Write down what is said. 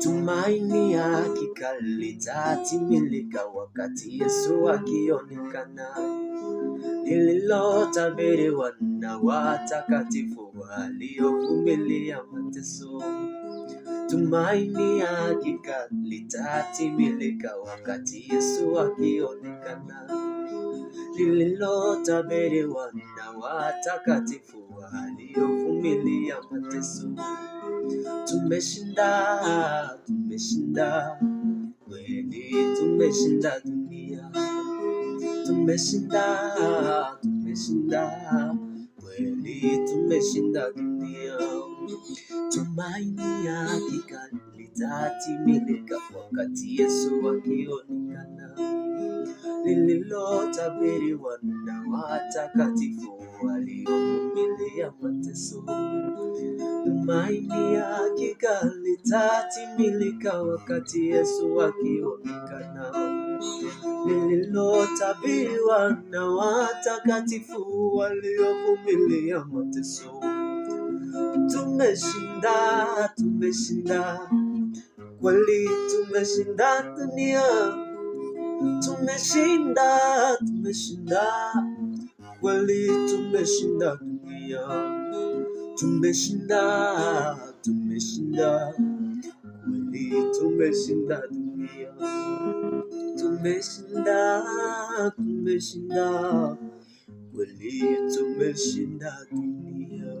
Tumaini ya hakika litatimilika wakati Yesu akionekana. Lililotabiriwa na watakatifu waliovumilia mateso. Tumaini ya hakika litatimilika wakati Yesu akionekana lililotabiriwa na watakatifu waliovumilia mateso. Tumeshinda, tumeshinda kweli, tumeshinda dunia, tumeshinda, tumeshinda kweli, tumeshinda dunia. Tumaini hakika litatimilika wakati Yesu akionekana lililotabiriwa na watakatifu waliovumilia mateso. Tumaini ya hakika litatimilika wakati Yesu akiwapika nao, lililotabiriwa na watakatifu waliovumilia mateso. Tumeshinda, tumeshinda kweli, tumeshinda dunia Tumeshinda, tumeshinda kweli, tumeshinda dunia, tumeshinda, tumeshinda kweli, tumeshinda dunia, tumeshinda, tumeshinda kweli, tumeshinda dunia.